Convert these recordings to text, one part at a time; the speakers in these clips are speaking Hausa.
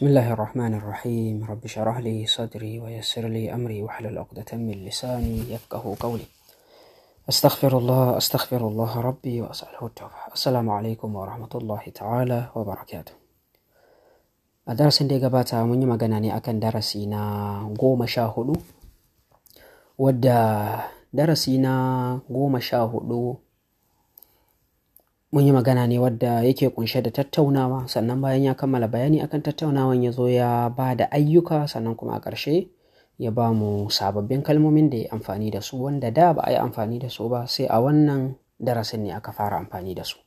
بسم الله الرحمن الرحيم رب اشرح لي صدري ويسر لي أمري واحلل عقدة من لساني يفقه قولي أستغفر الله أستغفر الله ربي وأسأله التوبة السلام عليكم ورحمة الله تعالى وبركاته الدرس اللي da ya gabata mun اكن درسينا ne akan darasi na goma sha mun yi magana ne wadda yake kunshe da tattaunawa sannan bayan ya kammala bayani akan tattaunawan ya zo ya ba da ayyuka sannan kuma a ƙarshe ya ba mu sababbin kalmomin da ya amfani da su wanda da ba a yi amfani da su ba sai a wannan darasin ne aka fara amfani da su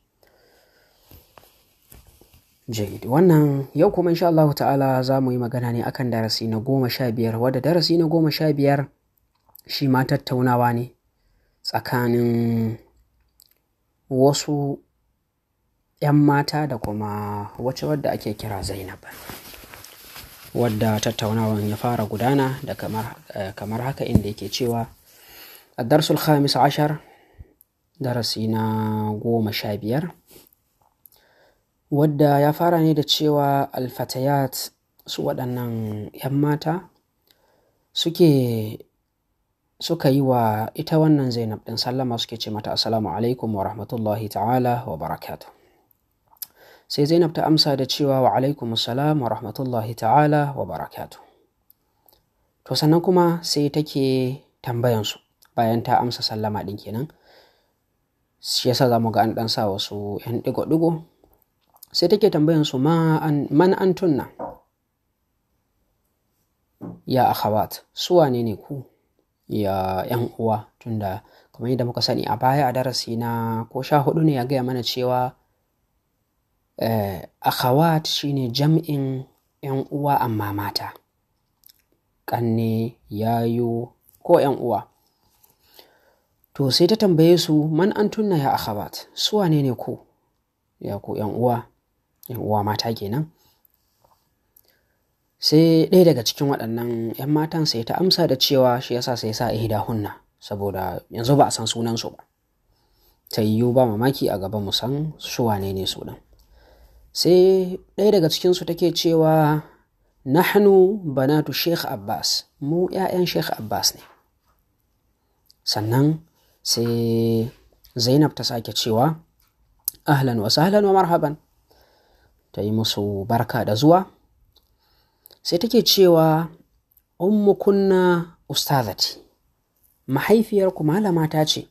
wannan yau kuma insha Allah ta'ala za mu yi magana ne akan darasi na goma sha biyar wadda darasi na goma sha biyar shi ma tattaunawa ne tsakanin wasu 'yan mata da kuma wacce wadda ake kira zainab wadda tattaunawa ya fara gudana da kamar eh, haka inda yake cewa a darsul khamis ashar darasi na goma sha biyar wadda ya fara ne da cewa alfatayat su waɗannan 'yan mata suke suka yi wa ita wannan zainab ɗin sallama suke ce mata assalamu alaikum wa rahmatullahi ta'ala wa barakatu sai zainab ta amsa da cewa wa alaikum salam wa rahmatullahi ta'ala wa barakatu to sannan kuma sai take tambayansu bayan ta amsa sallama ɗin kenan shi yasa za mu ga an ɗan sa wasu 'yan ɗigo-ɗigo sai take tambayansu man an tunna ya akhawat su wane ne ku ya 'yan uwa tunda kamar yadda muka sani a baya a darasi na ko sha hudu ne ya gaya mana cewa Eh, akhawat shine jam'in 'yan uwa amma mata ƙanne yayo ko 'yan uwa to sai ta tambaye su man an tunna ya akhawat su wane ne ku ya ku 'yan uwa 'yan uwa mata kenan sai ɗaya daga cikin waɗannan 'yan matan sai ta amsa da cewa shi yasa sai sa hida hunna saboda yanzu ba a san sunansu ba ta yiwu ba mamaki a gaba musan san su wane ne su sai ɗaya daga cikinsu take cewa nahnu banatu sheikh abbas mu 'ya'yan sheikh abbas ne sannan sai zainab ta sake cewa ahlan wa sahlan wa marhaban ta yi musu barka da zuwa sai take cewa ummu kunna ustazati mahaifiyarku malama ta ce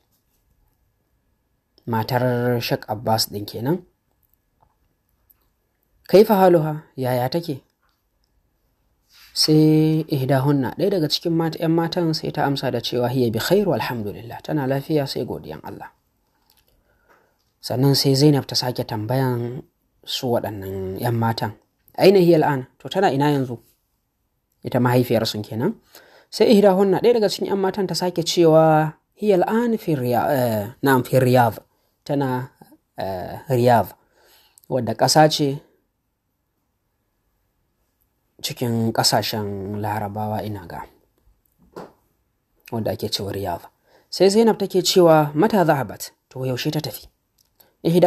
matar shek abbas ɗin kenan kai fa haluha yaya take sai ihdahunna ɗaya daga cikin yan matan sai ta amsa da cewa hiya bi khairu alhamdulillah tana lafiya sai godiyan Allah sannan sai Zainab ta sake tambayan su waɗannan yan matan aina hiya al'an to tana ina yanzu ita mahaifiyar sun kenan sai ihdahunna ɗaya daga cikin yan matan ta sake cewa hiya al'an fi eh, riyadh tana eh, riyadh wadda ƙasa ce cikin ƙasashen larabawa ina ga wanda ake cewa riyadh sai zainab take cewa mata zahabat to yaushe ta tafi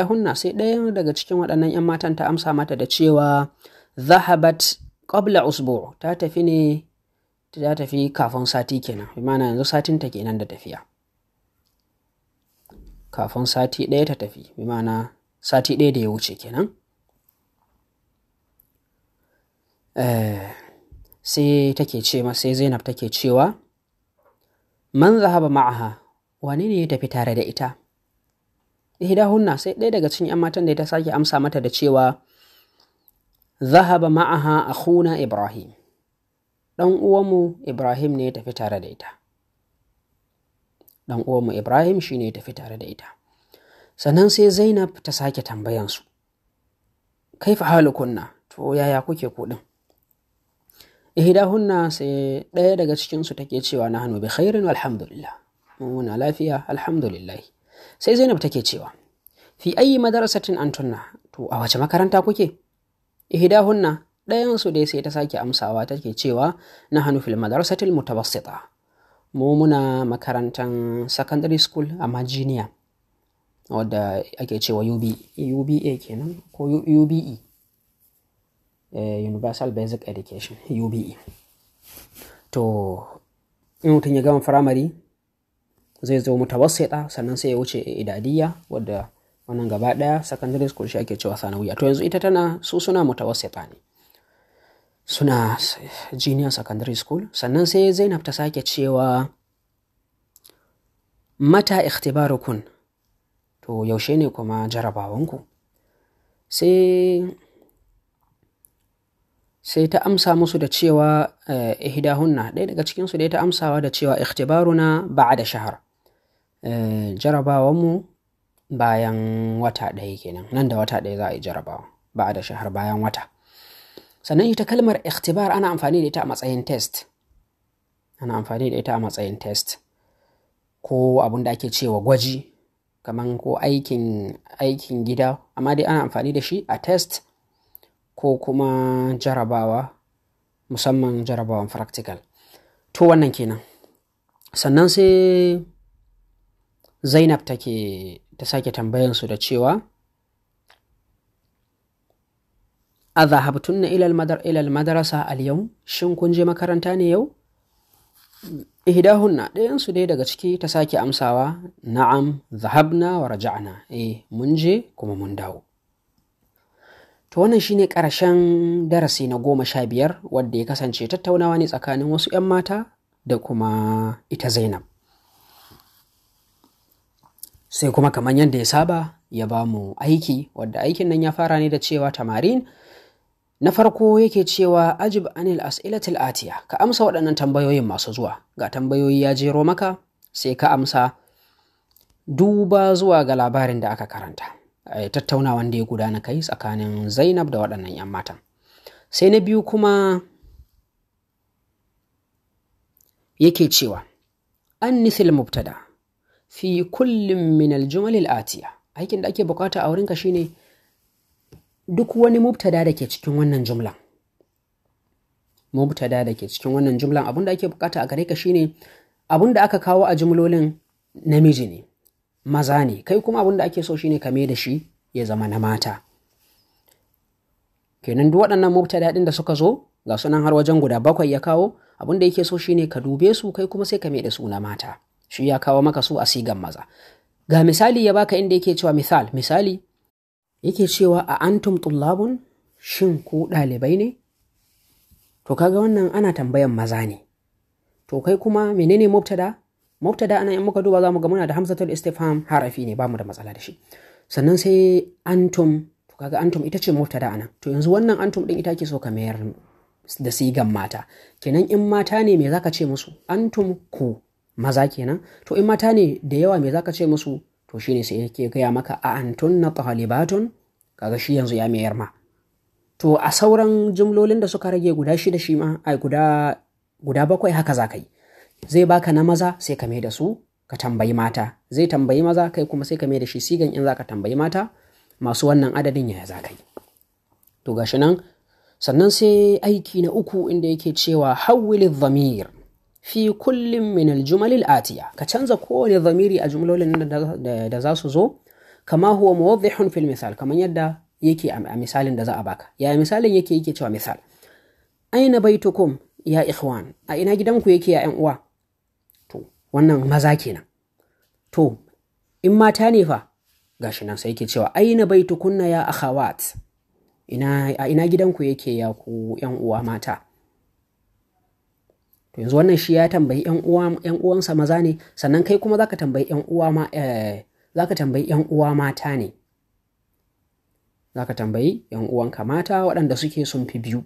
hunna sai ɗaya daga cikin waɗannan 'yan matan ta amsa mata da cewa zahabat qabla usbu ta tafi ne ta tafi kafin sati kenan bi yanzu satin ta kenan da tafiya kafin sati ɗaya ta tafi bi sati ɗaya da ya wuce kenan Eh, sai take ce sai zainab take cewa man zahaba ma'aha wane ne ya tafi tare da ita hunna sai ɗaya daga cikin 'yan matan da ta sake amsa mata da cewa zahaba ma'aha akhuna ibrahim ɗan uwanmu ibrahim ne ya tafi tare da ita ɗan uwanmu ibrahim shi ne ya tafi tare da ita sannan sai zainab ta sake tambayansu kaifa halukunna to yaya kuke kuɗin ihdahunna sai ɗaya daga cikinsu take cewa na hannu bi khairin alhamdulillah muna lafiya alhamdulillah sai zainab take cewa fi ayi madarasatin antunna to a wace makaranta kuke ihdahunna ɗayan su dai sai ta sake amsawa take cewa na hannu fil madarasatil mutawassita mu muna makarantan secondary school a majiniya wadda ake cewa UBE UBA kenan ko UBE Eh, universal basic education ube to in mutum ya gama firamare zai zo mutawassita sannan sai ya wuce idadiya wadda wannan gaba daya secondary school shi ake cewa sanawiya to yanzu ita tana su suna mutawassita ne suna junior secondary school sannan sai zainab ta sake cewa mata ikhtibarukun to yaushe ne kuma jarabawanku sai sai ta amsa musu da cewa eh, ihdahunna ɗaya daga cikinsu dai ta amsawa da cewa ikhtibaruna da shahar eh, jarabawanmu bayan wata ɗaya kenan nan da wata ɗaya za a yi jarabawa da shahar bayan wata sannan ita kalmar ikhtibar ana amfani da ita a matsayin test ana amfani da ita a matsayin test ko abin da ake cewa gwaji kamar ko aikin aikin gida amma dai ana amfani da shi a test ko kuma jarabawa musamman jarabawan practical to wannan kenan sannan sai zainab take ta sake tambayansu da cewa a na ilal madarasa al shin kun je makaranta ne yau ihdahunna ɗayansu dai daga ciki ta sake amsawa na'am zahabna wa raja'na eh mun je kuma mun dawo To wannan shine karshen darasi na goma sha biyar wadda ya kasance tattaunawa ne tsakanin wasu 'yan mata da kuma ita Zainab. Sai kuma kamar yadda ya saba ya ba mu aiki wadda aikin nan ya fara ne da cewa tamarin na farko yake cewa ajib anil as'ilatil atiya ka amsa waɗannan tambayoyin masu zuwa ga tambayoyi ya jero maka sai ka amsa duba zuwa ga labarin da aka karanta. Eh, tattaunawan da ya gudana kai tsakanin zainab da waɗannan 'yan matan sai na biyu kuma yake cewa an nisil mubtada fi kullum min aljumal atiya aikin da ake bukata a wurinka shine duk wani mubtada da ke cikin wannan jumlan mubtada da ke cikin wannan jumlan abinda ake bukata a gare ka shine abinda aka kawo a jumlolin namiji ne maza ne kai kuma abin da ake so shine ka da shi ya zama na mata kenan duk waɗannan mubtada ɗin da suka zo ga sunan har wajen guda bakwai ya kawo abin da yake so shine ka dube su kai kuma sai ka da su na mata shi ya kawo maka su a sigan maza ga misali ya baka inda yake cewa misal misali yake cewa a antum tullabun shin ku ɗalibai ne to kaga wannan ana tambayan maza ne to kai kuma menene mubtada mubtada anan in muka duba zamu ga muna da hamzatul istifham harafi ne bamu da matsala da shi sannan sai antum to kaga antum ita ce mubtada anan to yanzu wannan antum din ita ke so ka mayar da sigan mata kenan in mata ne me zaka ce musu antum ku maza kenan to in mata ne da yawa me zaka ce musu to shine sai yake gaya maka a antun na talibatun kaga shi yanzu ya mayar ma to a sauran jumlolin da suka rage guda shida shi ma ai guda guda bakwai haka za yi zai baka na maza sai ka mai da su ka tambayi mata zai tambayi maza kai kuma sai ka mai da shi sigan in za ka tambayi mata masu wannan adadin yaya za ka yi to gashi nan sannan sai aiki na uku inda yake cewa hawwilil dhamir fi kullum min aljumalil atiya ka canza kowane zamiri a jumlolin da za su zo kama huwa muwaddihun fil misal kamar yadda yake a misalin da za a baka ya misalin yake yake cewa misal aina baitukum ya ikhwan a ina gidanku yake ya yan uwa wannan maza kenan to in mata ne fa gashi nan sai yake cewa aina kunna ya akhawat ina a ina gidanku yake ya ku yan uwa mata to yanzu wannan shi ya tambayi yan uwa yan uwansa maza ne sannan kai kuma zaka tambayi yan uwa ma eh, zaka tambayi yan uwa mata ne zaka tambayi yan uwanka mata waɗanda suke sun fi biyu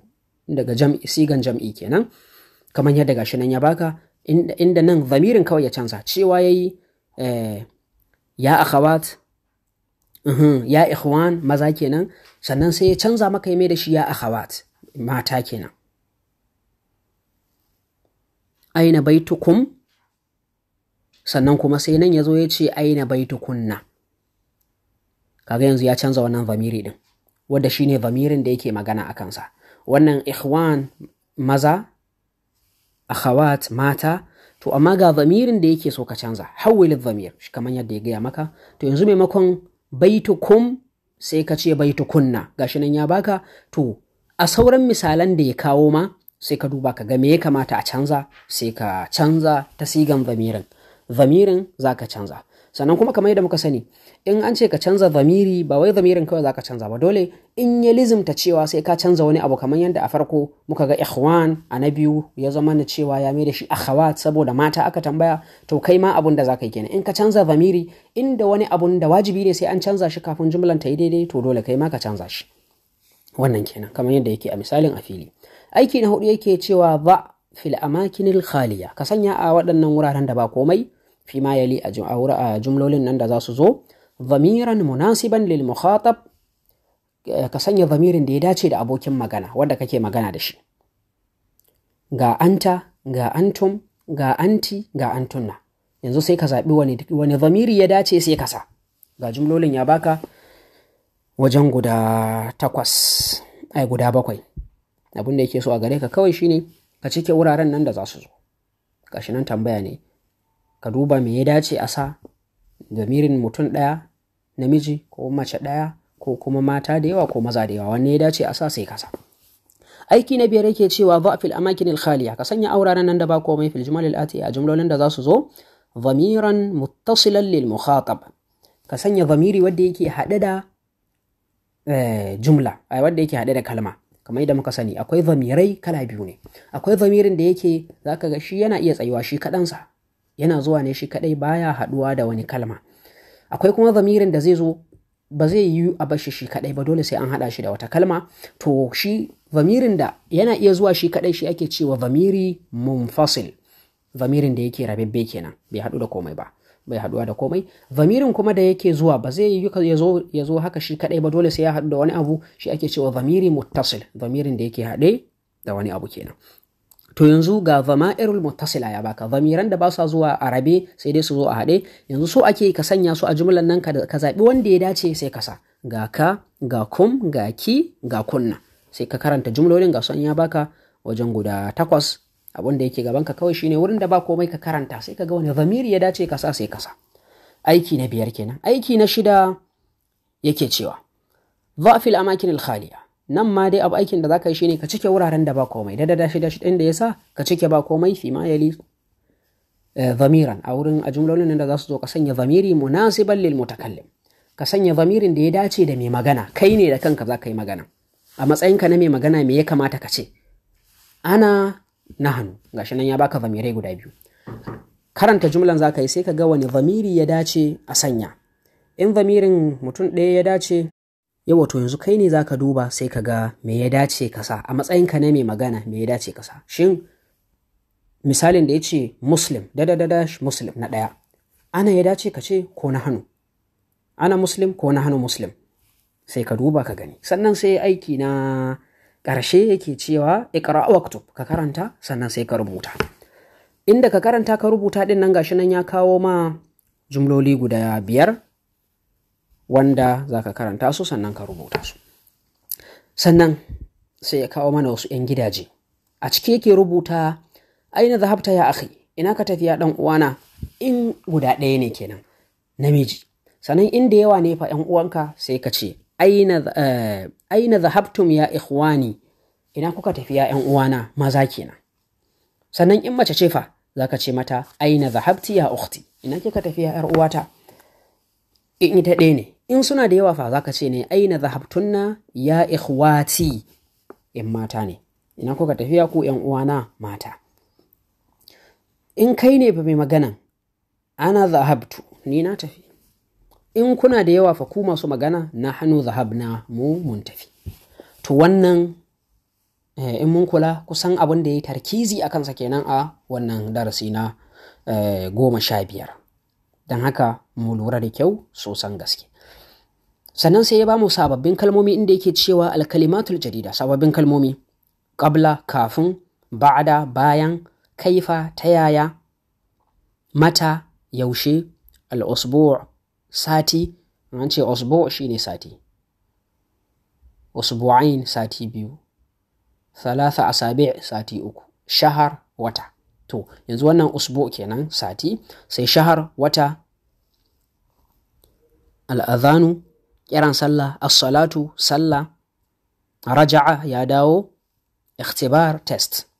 daga jam'i sigan jam'i kenan kamar yadda gashi nan ya baka inda nan zamirin kawai ya canza cewa ya yi eh, ya akhawat ya ikhwan maza kenan sannan sai ya canza maka ya mai da shi ya akhawat mata kenan aina baitukum sannan kuma sai nan ya zo ya ce aina na kaga yanzu ya canza wannan zamiri din wanda shine zamirin da yake magana a kansa wannan ikhwan maza akhawat mata to amma ga zamirin da yake so ka canza hawwil zamir shi kamar yadda ya gaya maka to yanzu maimakon baitukum sai ka ce baitukunna gashi nan ya baka to a sauran misalan da ya kawo ma sai ka duba ka ga me ya kamata a canza sai ka canza ta sigan zamirin zamirin za ka canza sannan kuma kamar yadda muka sani in an ce ka canza zamiri ba wai zamirin kawai za ka canza ba dole in ya lizimta cewa sai ka canza wani abu kamar yadda a farko muka ga ikhwan a na biyu ya zama na cewa ya mai da shi akhawat saboda mata aka tambaya to kai ma abun da zaka yi kenan in ka canza zamiri inda wani abun da wajibi ne sai an canza shi kafin jumlan ta yi daidai to dole kai ma ka canza shi wannan kenan kamar yadda yake a misalin a fili aiki na hudu yake cewa ba fil amakinil khaliya ka sanya a waɗannan wuraren da ba komai fi ma yali a jumlolin nan da za su zo zamiran munasiban lil mukhatab eh, ka sanya zamirin da ya dace da abokin magana wanda kake magana da shi ga anta ga antum ga anti ga antunna yanzu sai ka zaɓi wani zamiri ya dace sai ka sa ga jumlolin ya baka wajen guda takwas ai guda bakwai abin da yake so a gare ka kawai shine ka cike wuraren nan da za su zo gashi nan tambaya ne ka duba me ya dace a sa zamirin mutum ɗaya namiji ko mace ɗaya ko kuma mata da yawa ko maza da yawa wanne ya dace a sa sai kasa. aiki na biyar yake cewa ba fil amakin al khaliya ka sanya auraren nan da ba komai fil jumal ati a jumlolin da za su zo zamiran muttasilan lil mukhatab ka sanya zamiri wanda yake hade da eh, jumla ai wanda yake hade da kalma kamar yadda muka sani akwai zamirai kala biyu ne akwai zamirin da yake zaka ga shi yana iya tsayuwa shi kaɗansa yana zuwa ne shi kadai baya haduwa da wani kalma akwai kuma zamirin da zai zo ba zai yi a bashi shi kadai ba dole sai an hada shi da wata kalma to shi zamirin da yana iya zuwa shi kadai shi ake cewa zamiri munfasil zamirin da yake rabebbe kenan bai hadu da komai ba bai haduwa da komai zamirin kuma da yake zuwa ba zai yi ya zo haka shi kadai ba dole sai ya hadu da wani abu shi ake cewa zamiri muttasil zamirin da yake hade da wani abu kenan to yanzu ga zama zama'irul muttasila ya baka zamiran da ba sa zuwa a rabe sai dai su zo a haɗe yanzu so ake ka sanya su a jumlan nan ka zaɓi wanda ya dace sai ka sa ga ka ga kum ga ki ga kunna sai ka karanta jumlolin ga son ya baka wajen guda takwas abin da yake ka kawai shine wurin da ba komai ka karanta sai ka ga wani zamiri ya dace ka sa sai ka sa aiki na biyar kenan aiki na shida yake cewa fil الأماكن الخالية nan ma dai abu aikin da za ka yi shine ka cike wuraren da ba komai da da shi da shi ɗin da ya sa ka cike ba komai fi ma ya eh, zamiran a wurin a jumlolin da za su zo ka sanya zamiri munasiban lil mutakallim ka sanya zamirin da ya dace da mai magana kai ne da kanka za ka yi magana a matsayinka na mai magana me ya kamata ka ce ana Ga gashi nan ya baka zamirai guda biyu karanta jumlan za ka yi sai ka ga wani zamiri ya dace a sanya in zamirin mutum ɗaya ya dace yawa wato yanzu kai ne zaka duba sai ka ga me ya dace kasa, a matsayin ka na mai magana me ya dace ka sa shin misalin da ya ce muslim dadadada muslim na ɗaya ana ya dace ka ce ko na hannu ana muslim ko na hannu muslim sai ka duba ka gani sannan sai aiki na ƙarshe yake cewa ikra waktub ka karanta sannan sai ka rubuta inda ka karanta ka rubuta din nan gashi nan ya kawo ma jumloli guda biyar wanda za ka karanta su sannan ka rubuta su sannan sai ya kawo mana wasu 'yan gidaje a ciki yake rubuta aina zahabta ya akhi ina ka tafiya dan uwana in guda ɗaya ne kenan namiji sannan in yawa ne fa 'yan uwanka sai ka ce aina eh, zahabtum ya ikhwani ina kuka tafiya 'yan uwana maza kenan sannan in mace ce fa za ka ce mata aina zahabti ya ukhti ina kika tafiya 'yar uwata in ita ɗaya ne in suna da yawa fa zaka ce ne aina zahabtunna ya ikhwati in mata ne ina kuka tafiya ku yan uwana mata in kai ne fa mai magana ana zahabtu ni na tafi in kuna da yawa fa ku masu magana na hannu zahabna mu mun tafi to wannan eh, in mun kula kusan abin da ya yi tarkizi a kansa kenan a wannan darasi na eh, goma sha biyar don haka mu lura da kyau sosan gaske sannan sai ya ba mu sababbin kalmomi inda yake cewa alkalimatul jarida sababbin kalmomi qabla kafin ba'ada bayan kaifa ta yaya mata yaushe al'usbu' sati an ce usbu' shine sati usbu'ain sati biyu thalatha asabi' sati uku shahar wata to yanzu wannan usbu' kenan sati sai shahar wata al'adhanu kiran sallah as-salatu sallah raja'a ya dawo ikhtibar test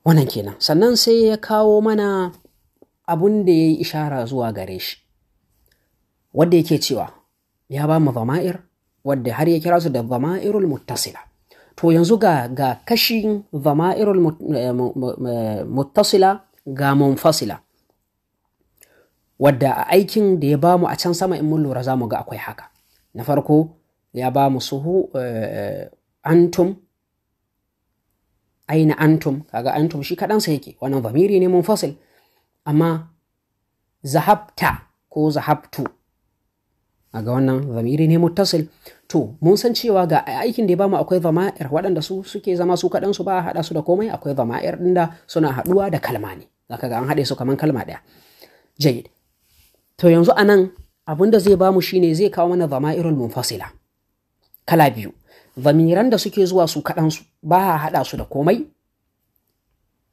wannan kenan sannan sai ya kawo mana abun da ya yi ishara zuwa gare shi wadda yake cewa ya ba mu zama'ir wadda har ya kira su da zama'irul muttasila to yanzu ga ga kashin zama'irul eh, eh, muttasila ga munfasila wadda a aikin da ya bamu a can sama in mun lura za mu ga akwai haka na farko ya ba mu suhu eh, antum aina antum kaga antum shi kaɗansa yake wannan zamiri ne mun fasil amma zahabta ko zahabtu ga wannan zamiri ne muttasil to mun san cewa ga aikin da ya bamu akwai zama'ir waɗanda su suke zama su kaɗan su ba a haɗa su da komai akwai zama'ir ɗin da suna haɗuwa da kalma ne zaka ga an haɗe su kaman kalma ɗaya jayid to yanzu anan abin da zai bamu shine zai kawo mana zama irin munfasila kala biyu zamiran da suke zuwa su kaɗansu ba a haɗa su da komai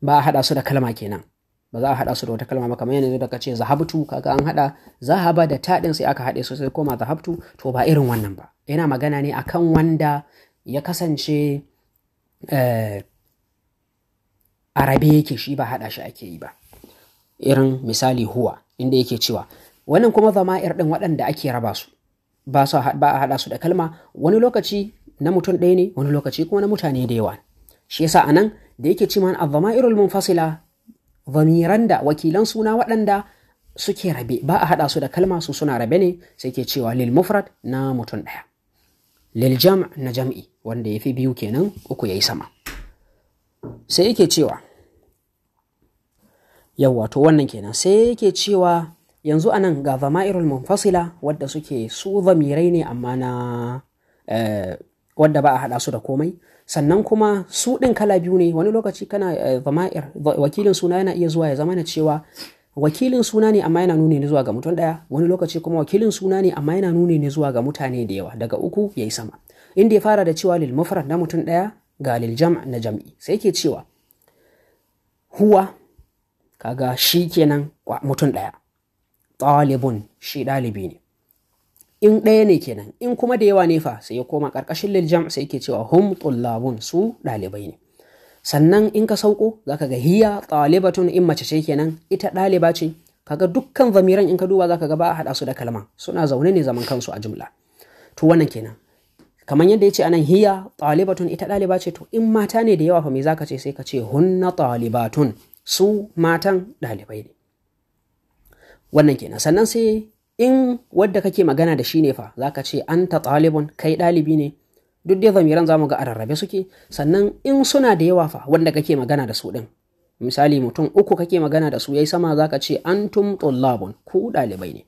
ba a haɗa su da kalma kenan ba za a haɗa su da wata kalma ba kamar yanzu da kace zahabtu kaga an haɗa zahaba da taɗin sai aka haɗe su sai koma zahabtu to ba irin wannan ba yana magana ne akan wanda ya kasance eh, arabe yake shi ba haɗa shi ake yi ba irin misali huwa inda yake cewa wannan kuma zama'ir ɗin waɗanda ake raba su ba a haɗa su da kalma wani lokaci na mutum ɗaya ne wani lokaci kuma na mutane da yawa shi yasa nan, da yake cewa az-zama'irul munfasila zamiran da wakilan suna waɗanda suke rabe ba a haɗa su da kalma su suna rabe ne sai ke cewa lil mufrad na mutum ɗaya lil jam' na jam'i wanda yafi biyu kenan uku yayi sama sai yake cewa yawa to wannan kenan sai yake cewa yanzu anan ga zama'irul munfasila wadda suke su zamirai ne amma na eh, wadda ba a haɗa su da komai sannan kuma su ɗin kala biyu ne wani lokaci kana zama'ir eh, wakilin suna yana iya zuwa ya zama na cewa wakilin suna ne amma yana nuni ne zuwa ga mutum ɗaya wani lokaci kuma wakilin suna ne amma yana nuni ne zuwa ga mutane da yawa daga uku ya yi sama inda ya fara da cewa lil mufrad na mutum ɗaya ga lil jam' na jam'i sai yake cewa huwa kaga shi kenan mutum ɗaya ɗalibun shi ɗalibi ne in ɗaya ne kenan in kuma da yawa ne fa sai ya koma ƙarƙashin liljam sai yake cewa hum tullabun su ɗalibai ne sannan in ka sauko ka ga hiya ɗalibatun in mace ce kenan ita ɗaliba ce kaga dukkan zamiran in ka duba za ka ga ba a haɗa su da kalma suna zaune ne zaman kansu a jumla to wannan kenan kamar yadda ya ce anan hiya ɗalibatun ita ɗaliba ce to in mata ne da yawa fa me za ka ce sai ka ce hunna ɗalibatun su matan ɗalibai ne wannan kenan sannan sai in wadda kake magana da shi ne fa za ka ce an ta ɗalibin kai ɗalibi ne duk dai zamiran za mu ga a rarrabe suke sannan in suna da yawa fa wanda kake magana da su ɗin misali mutum uku kake magana da su yayi sama za ka ce antum tullabun ku ɗalibai ne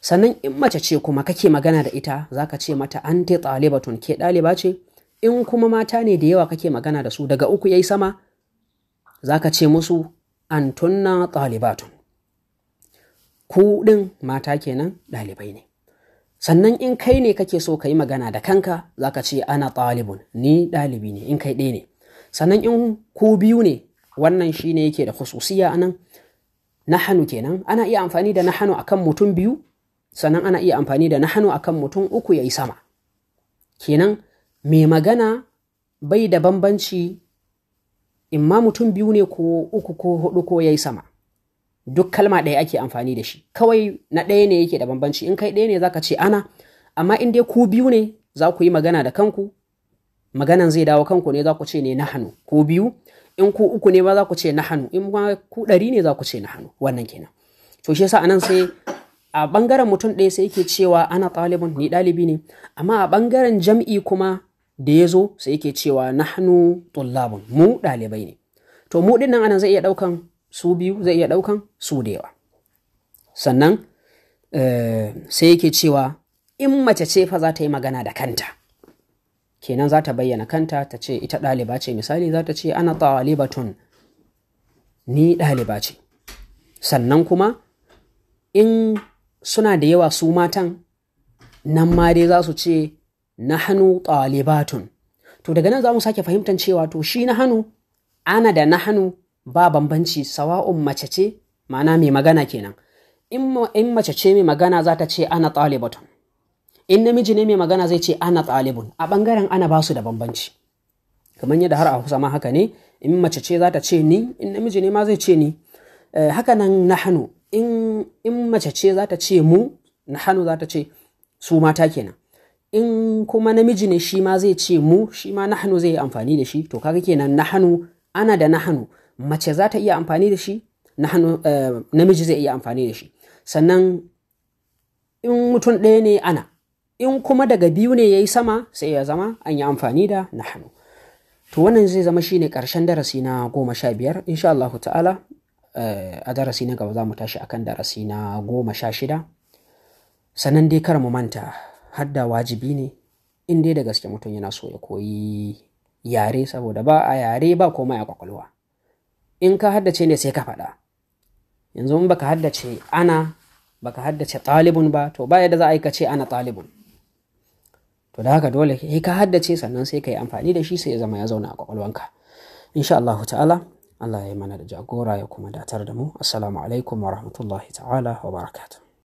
sannan in mace ce kuma kake magana da ita za ka ce mata anti ɗalibatun ke ɗaliba ce in kuma mata ne da yawa kake magana da su daga uku yayi sama za ka ce musu antunna ɗalibatun ku ɗin mata kenan ɗalibai ne sannan in kai ne kake so ka yi magana da kanka za ka ce ana ɗalibun ni ɗalibi ne in kai ɗaya ne sannan in ku biyu ne wannan shi ne yake da kususiya a nan nahanu kenan ana iya amfani da nahanu akan mutum biyu sannan ana iya amfani da nahanu akan mutum uku ya yi sama kenan mai magana bai da bambanci imma mutum biyu ne ko uku ko hudu ko ya yi sama duk kalma ɗaya ake amfani da shi kawai na ɗaya ne yake da bambanci in kai ɗaya ne zaka ce ana amma in dai ku biyu ne za ku yi magana da kanku maganan zai dawo kanku ne za ku ce ne na hannu ku biyu in ku uku ne ba za ku ce na hannu in ma ku ɗari ne za ku ce na hannu wannan kenan to shi yasa anan sai a bangaren mutum ɗaya sai yake cewa ana ɗalibin ni ɗalibi ne amma a bangaren jam'i kuma da ya zo sai yake cewa na hannu mu ɗalibai ne to mu ɗin nan anan zai iya ɗaukan su biyu zai iya ɗaukan su da yawa sannan eh, sai yake cewa in mace ce fa za ta yi magana da kanta kenan za ta bayyana kanta ta ce ita ɗaliba ce misali za ta ce ana ɗalibatun ni ɗaliba ce sannan kuma in suna da yawa su matan nan ma dai za su ce na hannu ɗalibatun to daga nan za mu sake fahimtan cewa to shi na hannu ana da na hannu ba bambanci sawa'un mace ce ma'ana mai magana kenan in mace ce mai magana za ta ce ana talibatun in namiji ne mai magana zai ce ana talibun a bangaren ana ba su da bambanci kamar yadda har a kusa ma haka ne in mace ce za ta ce ni in namiji ne ma zai ce ni eh, haka nan na hannu in mace ce za ta ce mu hannu za ta ce su mata kenan in kuma namiji ne shi ma zai ce mu shi ma hannu zai yi amfani da shi to kaga kenan na hannu ana da na hannu. mace za ta iya amfani da shi eh, namiji zai iya amfani da shi sannan in mutum ɗaya ne ana in kuma daga biyu ne ya yi sama sai ya zama an yi amfani da na hannu. to wannan zai zama shi ne ƙarshen darasi na goma sha biyar insha Allah ta'ala eh, a darasi na gaba za mu tashi akan darasi na goma sha shida sannan dai kar mu manta hadda wajibi ne in dai da gaske mutum yana so ya koyi yare saboda ba a yare ba komai a kwakwalwa in ka haddace ne sai ka faɗa yanzu in baka haddace ana baka haddace ɗalibun ba to ba yadda za a yi ka ce ana ɗalibun to da haka dole sai ka haddace sannan sai ka yi amfani da shi sai ya zama ya zauna a kwakwalwanka insha Allah ta'ala Allah ya yi mana da jagora ya kuma datar da mu assalamu alaikum wa rahmatullahi ta'ala wa barakatuh